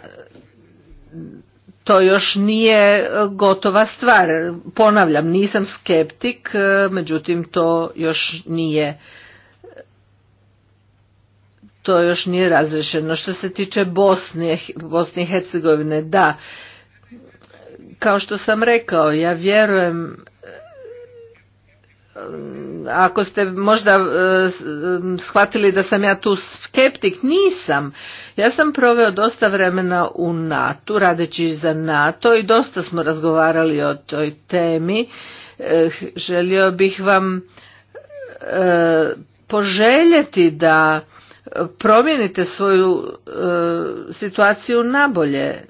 to još nije e, gotova stvar. Ponavljam, nisam skeptik, e, međutim to još nije to još nije razrešeno. Što se tiče Bosne, Bosne i Hercegovine, da, kao što sam rekao, ja vjerujem e, ako ste možda shvatili da sam ja tu skeptik, nisam. Ja sam proveo dosta vremena u NATO, radeći za NATO i dosta smo razgovarali o toj temi. E, želio bih vam e, poželjeti da promijenite svoju e, situaciju nabolje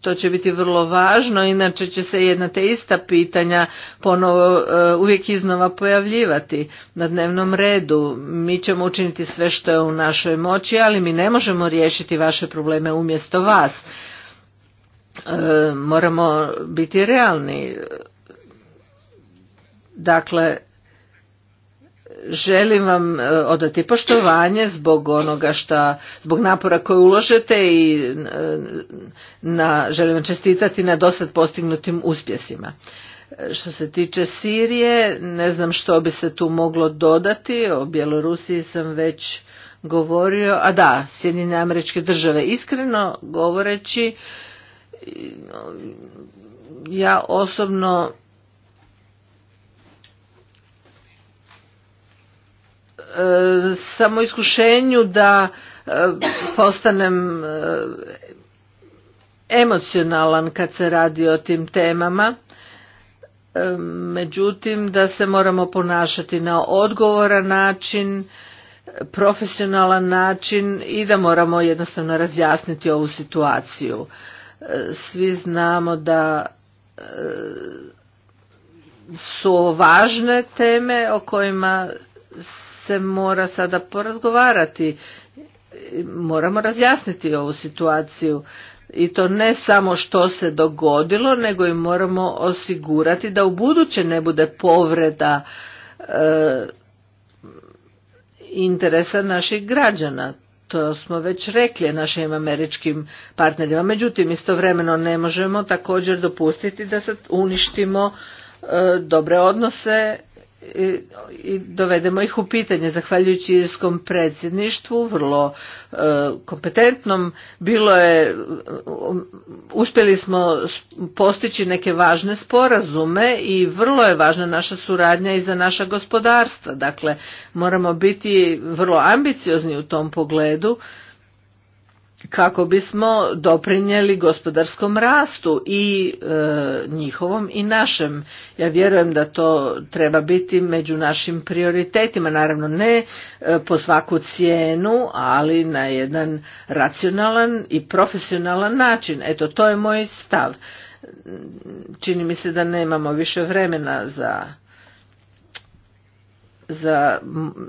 to će biti vrlo važno, inače će se jedna te ista pitanja ponovo e, uvijek iznova pojavljivati na dnevnom redu. Mi ćemo učiniti sve što je u našoj moći, ali mi ne možemo riješiti vaše probleme umjesto vas. E, moramo biti realni. Dakle, želim vam e, odati poštovanje zbog onoga šta, zbog napora koje uložete i e, na, želim vam čestitati na dosad postignutim uspjesima. E, što se tiče Sirije, ne znam što bi se tu moglo dodati, o Bjelorusiji sam već govorio, a da, Sjedinjene američke države, iskreno govoreći, ja osobno samo iskušenju da e, postanem e, emocionalan kad se radi o tim temama e, međutim da se moramo ponašati na odgovoran način profesionalan način i da moramo jednostavno razjasniti ovu situaciju svi znamo da su važne teme o kojima se mora sada porazgovarati. Moramo razjasniti ovu situaciju i to ne samo što se dogodilo, nego i moramo osigurati da u buduće ne bude povreda e, interesa naših građana. To smo već rekli našim američkim partnerima. Međutim, istovremeno ne možemo također dopustiti da se uništimo e, dobre odnose i dovedemo ih u pitanje zahvaljujući irskom predsjedništvu vrlo e, kompetentnom bilo je uspjeli smo postići neke važne sporazume i vrlo je važna naša suradnja i za naša gospodarstva dakle moramo biti vrlo ambiciozni u tom pogledu kako bismo doprinijeli gospodarskom rastu i e, njihovom i našem. Ja vjerujem da to treba biti među našim prioritetima, naravno ne e, po svaku cijenu, ali na jedan racionalan i profesionalan način. Eto, to je moj stav. Čini mi se da nemamo više vremena za za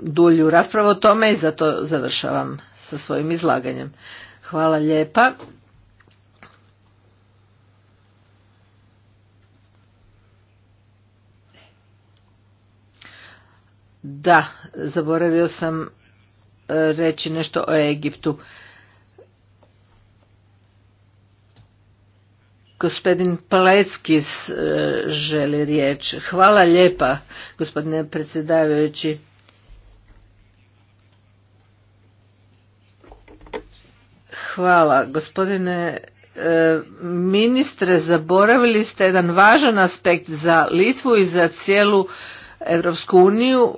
dulju raspravu o tome i zato završavam sa svojim izlaganjem. Hvala lijepa. Da, zaboravio sam e, reći nešto o Egiptu. Gospodin Paleckis e, želi riječ. Hvala lijepa, gospodine predsjedavajući. Hvala. Gospodine e, ministre, zaboravili ste jedan važan aspekt za Litvu i za cijelu Europsku uniju.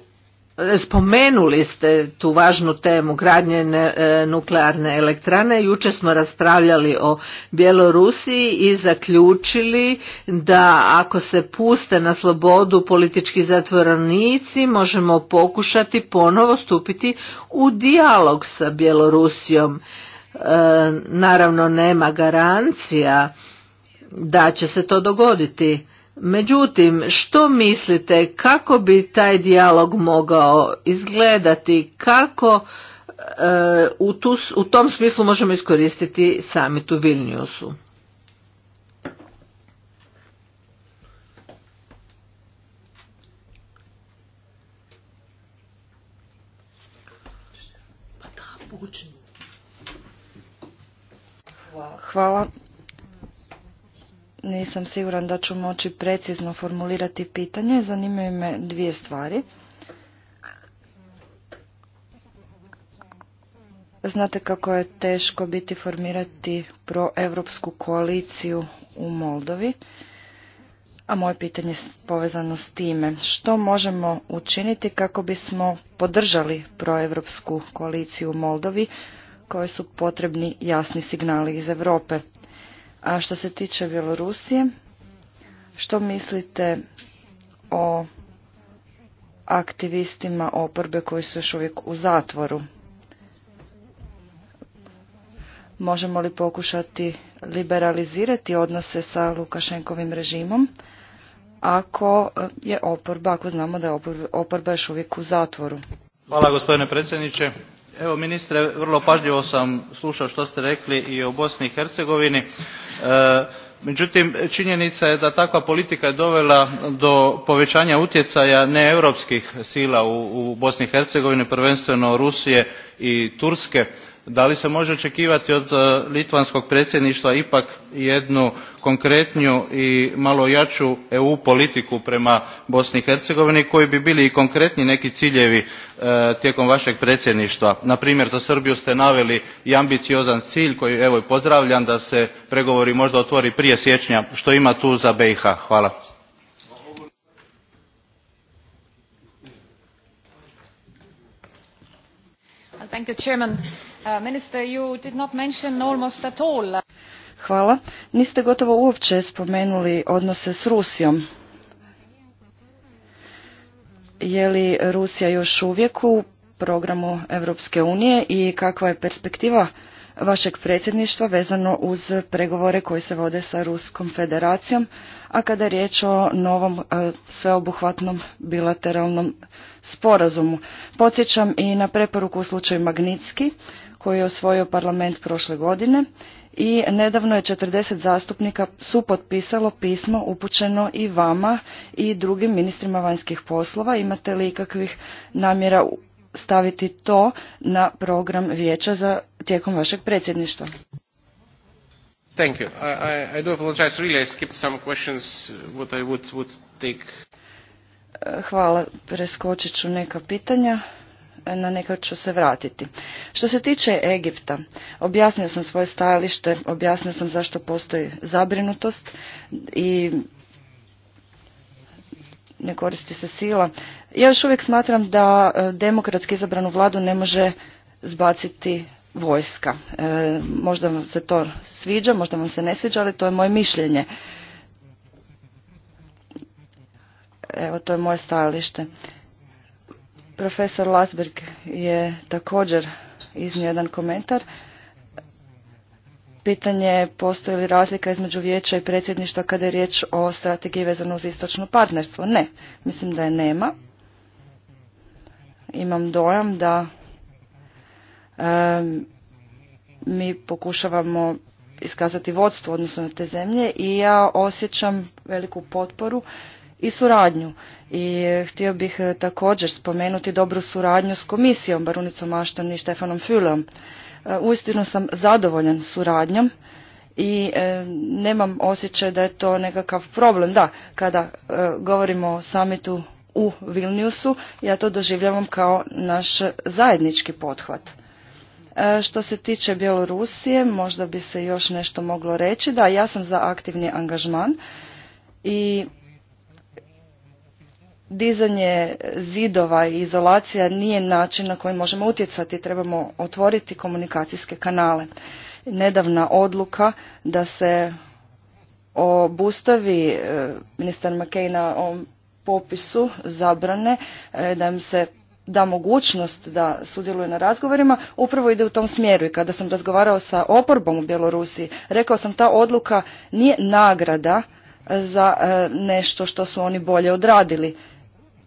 E, spomenuli ste tu važnu temu gradnje e, nuklearne elektrane. Juče smo raspravljali o Bjelorusiji i zaključili da ako se puste na slobodu politički zatvorenici možemo pokušati ponovo stupiti u dijalog sa Bjelorusijom naravno nema garancija da će se to dogoditi. Međutim, što mislite kako bi taj dijalog mogao izgledati, kako e, u, tom smislu možemo iskoristiti samit u Vilniusu? Hvala. Nisam siguran da ću moći precizno formulirati pitanje. Zanimaju me dvije stvari. Znate kako je teško biti formirati proevropsku koaliciju u Moldovi. A moje pitanje je povezano s time. Što možemo učiniti kako bismo podržali proevropsku koaliciju u Moldovi koje su potrebni jasni signali iz Europe. A što se tiče Bjelorusije, što mislite o aktivistima oporbe koji su još uvijek u zatvoru? Možemo li pokušati liberalizirati odnose sa Lukašenkovim režimom ako je oporba, ako znamo da je oporba još uvijek u zatvoru? Hvala gospodine predsjedniče Evo ministre, vrlo pažljivo sam slušao što ste rekli i o Bosni i Hercegovini. E, međutim, činjenica je da takva politika je dovela do povećanja utjecaja neeuropskih sila u, u Bosni i Hercegovini, prvenstveno Rusije i Turske da li se može očekivati od e, litvanskog predsjedništva ipak jednu konkretniju i malo jaču eu politiku prema bosni i hercegovini koji bi bili i konkretni neki ciljevi e, tijekom vašeg predsjedništva na primjer za srbiju ste naveli i ambiciozan cilj koji evo i pozdravljam da se pregovori možda otvore prije siječnja što ima tu za bih? hvala. Uh, minister, Hvala. Niste gotovo uopće spomenuli odnose s Rusijom. Je li Rusija još uvijek u programu Europske unije i kakva je perspektiva vašeg predsjedništva vezano uz pregovore koji se vode sa Ruskom federacijom, a kada je riječ o novom uh, sveobuhvatnom bilateralnom sporazumu. Podsjećam i na preporuku u slučaju Magnitski koji je osvojio parlament prošle godine i nedavno je 40 zastupnika supotpisalo pismo upućeno i vama i drugim ministrima vanjskih poslova. Imate li ikakvih namjera staviti to na program vijeća za tijekom vašeg predsjedništva? Hvala, preskočit ću neka pitanja na neka ću se vratiti. Što se tiče Egipta, objasnio sam svoje stajalište, objasnio sam zašto postoji zabrinutost i ne koristi se sila. Ja još uvijek smatram da e, demokratski izabranu vladu ne može zbaciti vojska. E, možda vam se to sviđa, možda vam se ne sviđa, ali to je moje mišljenje. Evo, to je moje stajalište. Profesor Lasberg je također iznio jedan komentar. Pitanje je postoji li razlika između vijeća i predsjedništva kada je riječ o strategiji vezano uz istočno partnerstvo. Ne, mislim da je nema. Imam dojam da mi pokušavamo iskazati vodstvo odnosno na te zemlje i ja osjećam veliku potporu i suradnju. I e, htio bih e, također spomenuti dobru suradnju s komisijom, Barunicom Ašton i Štefanom Fulom. E, uistinu sam zadovoljan suradnjom i nemam osjećaj da je to nekakav problem. Da, kada govorimo o samitu u Vilniusu, ja to doživljavam kao naš zajednički pothvat. što se tiče Bjelorusije, možda bi se još nešto moglo reći. Da, ja sam za aktivni angažman i dizanje zidova i izolacija nije način na koji možemo utjecati. Trebamo otvoriti komunikacijske kanale. Nedavna odluka da se obustavi e, ministar McKay na ovom popisu zabrane, e, da im se da mogućnost da sudjeluje na razgovorima, upravo ide u tom smjeru. I kada sam razgovarao sa oporbom u Bjelorusiji, rekao sam ta odluka nije nagrada za e, nešto što su oni bolje odradili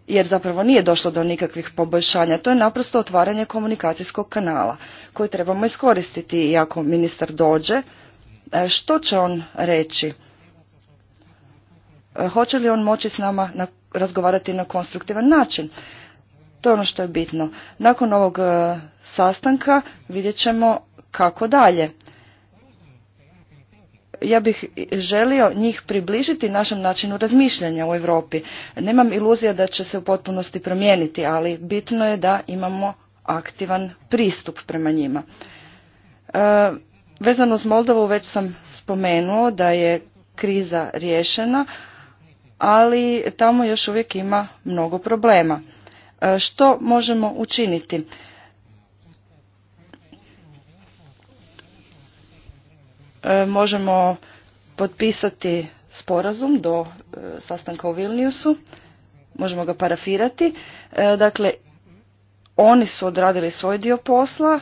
jer zapravo nije došlo do nikakvih poboljšanja. To je naprosto otvaranje komunikacijskog kanala koji trebamo iskoristiti i ako ministar dođe, e, što će on reći? E, hoće li on moći s nama razgovarati na konstruktivan način? To je ono što je bitno. Nakon ovog e, sastanka vidjet ćemo kako dalje ja bih želio njih približiti našem načinu razmišljanja u Europi. Nemam iluzija da će se u potpunosti promijeniti, ali bitno je da imamo aktivan pristup prema njima. E, vezano s Moldovu već sam spomenuo da je kriza riješena, ali tamo još uvijek ima mnogo problema. E, što možemo učiniti? E, možemo potpisati sporazum do e, sastanka u Vilniusu, možemo ga parafirati. E, dakle, oni su odradili svoj dio posla,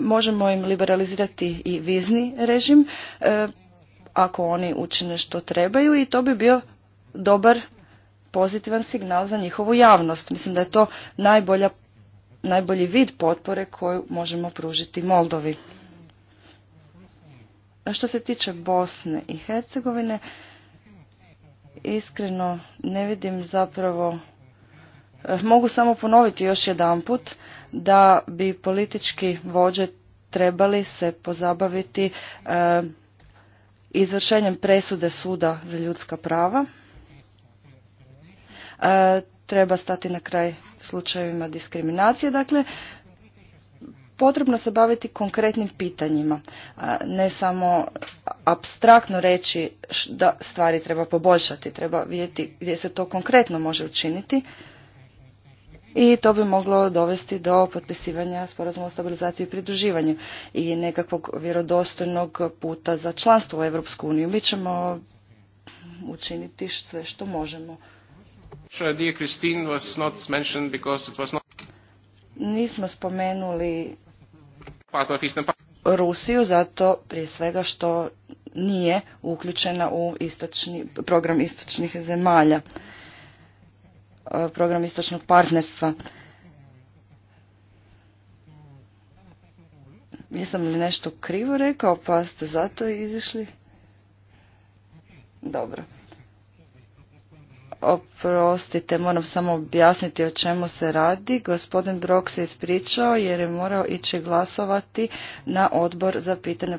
možemo im liberalizirati i vizni režim ako oni učine što trebaju i to bi bio dobar pozitivan signal za njihovu javnost. Mislim da je to najbolja, najbolji vid potpore koju možemo pružiti Moldovi. Što se tiče Bosne i Hercegovine, iskreno ne vidim zapravo, eh, mogu samo ponoviti još jedanput da bi politički vođe trebali se pozabaviti eh, izvršenjem presude suda za ljudska prava. Eh, treba stati na kraj slučajevima diskriminacije. Dakle, potrebno se baviti konkretnim pitanjima, ne samo abstraktno reći da stvari treba poboljšati, treba vidjeti gdje se to konkretno može učiniti i to bi moglo dovesti do potpisivanja sporazuma o stabilizaciji i pridruživanju i nekakvog vjerodostojnog puta za članstvo u Europsku uniju. Mi ćemo učiniti sve što možemo. Nismo spomenuli Rusiju zato prije svega što nije uključena u istočni, program istočnih zemalja, e, program istočnog partnerstva. Jesam li nešto krivo rekao, pa ste zato izišli? Dobro. Oprostite, moram samo objasniti o čemu se radi. Gospodin Brok se ispričao jer je morao ići glasovati na odbor za pitanje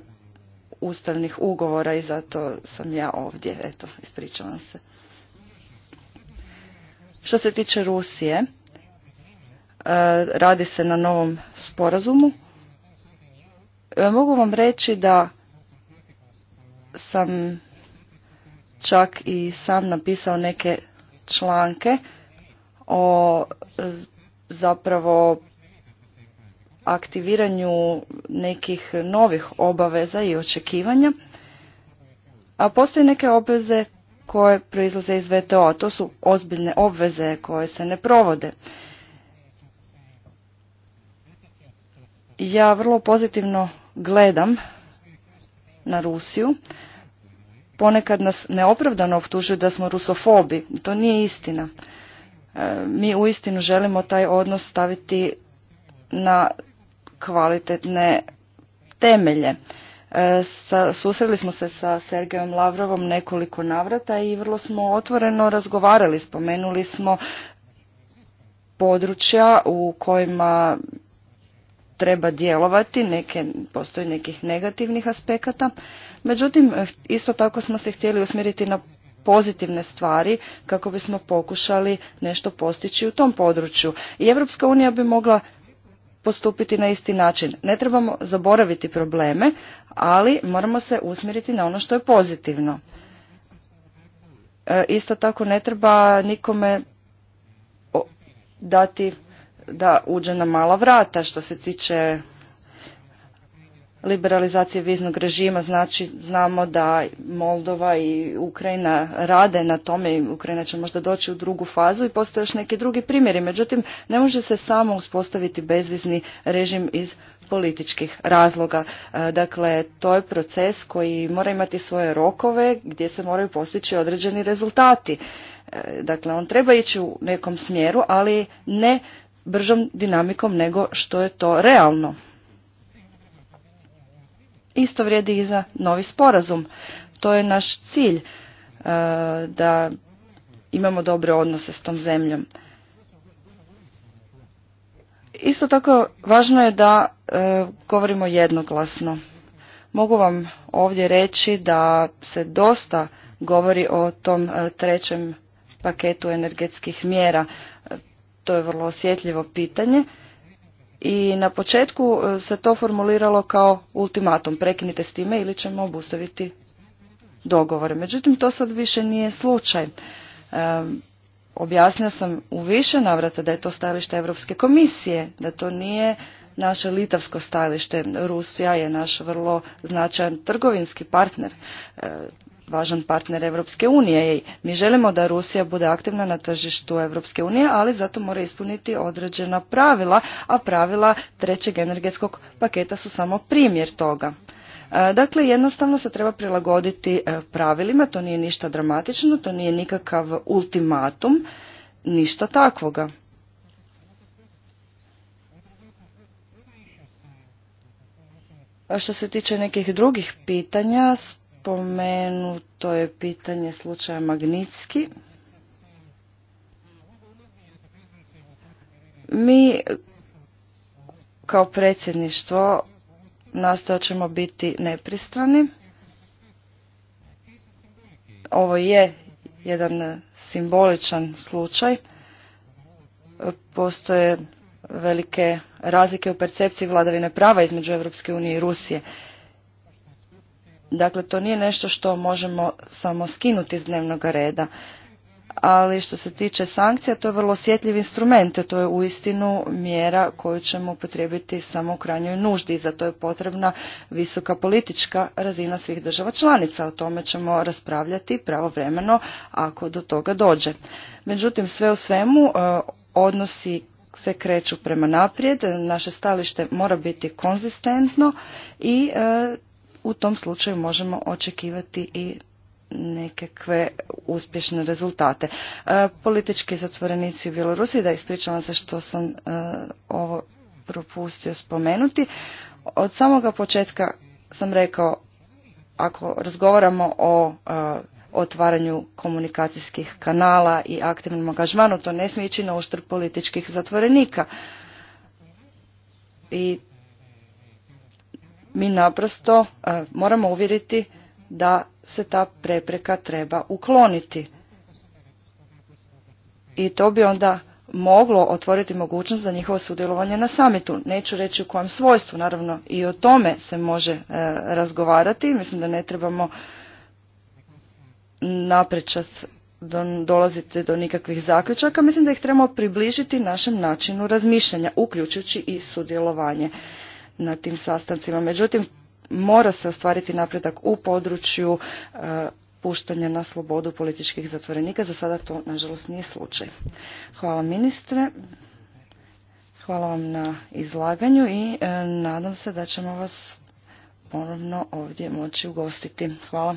ustavnih ugovora i zato sam ja ovdje. Eto, ispričavam se. Što se tiče Rusije, e, radi se na novom sporazumu. E, mogu vam reći da sam čak i sam napisao neke članke o zapravo aktiviranju nekih novih obaveza i očekivanja, a postoje neke obveze koje proizlaze iz VTO, a to su ozbiljne obveze koje se ne provode. Ja vrlo pozitivno gledam na Rusiju, ponekad nas neopravdano optužuju da smo rusofobi. To nije istina. E, mi uistinu želimo taj odnos staviti na kvalitetne temelje. E, susreli smo se sa Sergejom Lavrovom nekoliko navrata i vrlo smo otvoreno razgovarali, spomenuli smo područja u kojima treba djelovati, neke, postoji nekih negativnih aspekata, Međutim, eh, isto tako smo se htjeli usmjeriti na pozitivne stvari kako bismo pokušali nešto postići u tom području. I Europska unija bi mogla postupiti na isti način. Ne trebamo zaboraviti probleme, ali moramo se usmjeriti na ono što je pozitivno. Eh, isto tako ne treba nikome dati da uđe na mala vrata što se tiče liberalizacije viznog režima, znači znamo da Moldova i Ukrajina rade na tome i Ukrajina će možda doći u drugu fazu i postoje još neki drugi primjeri. Međutim, ne može se samo uspostaviti bezvizni režim iz političkih razloga. E, dakle, to je proces koji mora imati svoje rokove gdje se moraju postići određeni rezultati. E, dakle, on treba ići u nekom smjeru, ali ne bržom dinamikom nego što je to realno. Isto vrijedi i za novi sporazum. To je naš cilj e, da imamo dobre odnose s tom zemljom. Isto tako važno je da e, govorimo jednoglasno. Mogu vam ovdje reći da se dosta govori o tom e, trećem paketu energetskih mjera. To je vrlo osjetljivo pitanje i na početku e, se to formuliralo kao ultimatum, prekinite s time ili ćemo obustaviti dogovore. Međutim, to sad više nije slučaj. E, objasnio sam u više navrata da je to stajalište Europske komisije, da to nije naše litavsko stajalište. Rusija je naš vrlo značajan trgovinski partner. E, važan partner Europske unije. Mi želimo da Rusija bude aktivna na tržištu Europske unije, ali zato mora ispuniti određena pravila, a pravila trećeg energetskog paketa su samo primjer toga. E, dakle, jednostavno se treba prilagoditi e, pravilima, to nije ništa dramatično, to nije nikakav ultimatum, ništa takvoga. što se tiče nekih drugih pitanja, spomenuto je pitanje slučaja Magnitski. Mi kao predsjedništvo nastojat ćemo biti nepristrani. Ovo je jedan simboličan slučaj. Postoje velike razlike u percepciji vladavine prava između Europske unije i Rusije. Dakle, to nije nešto što možemo samo skinuti iz dnevnog reda. Ali što se tiče sankcija, to je vrlo osjetljiv instrument. To je uistinu mjera koju ćemo upotrijebiti samo u krajnjoj nuždi. I za to je potrebna visoka politička razina svih država članica. O tome ćemo raspravljati pravovremeno ako do toga dođe. Međutim, sve u svemu, e, odnosi se kreću prema naprijed, naše stalište mora biti konzistentno i e, u tom slučaju možemo očekivati i nekakve uspješne rezultate. E, politički zatvorenici u Bjelorusiji, da ispričavam se što sam e, ovo propustio spomenuti, od samoga početka sam rekao ako razgovaramo o e, otvaranju komunikacijskih kanala i aktivnom angažmanu, to ne smije ići na uštrb političkih zatvorenika. I mi naprosto e, moramo uvjeriti da se ta prepreka treba ukloniti. I to bi onda moglo otvoriti mogućnost za njihovo sudjelovanje na samitu. Neću reći u kojem svojstvu, naravno i o tome se može e, razgovarati. Mislim da ne trebamo naprečas dolaziti do nikakvih zaključaka. Mislim da ih trebamo približiti našem načinu razmišljanja, uključujući i sudjelovanje na tim sastancima. Međutim, mora se ostvariti napredak u području e, puštanja na slobodu političkih zatvorenika. Za sada to, nažalost, nije slučaj. Hvala ministre. Hvala vam na izlaganju i e, nadam se da ćemo vas ponovno ovdje moći ugostiti. Hvala.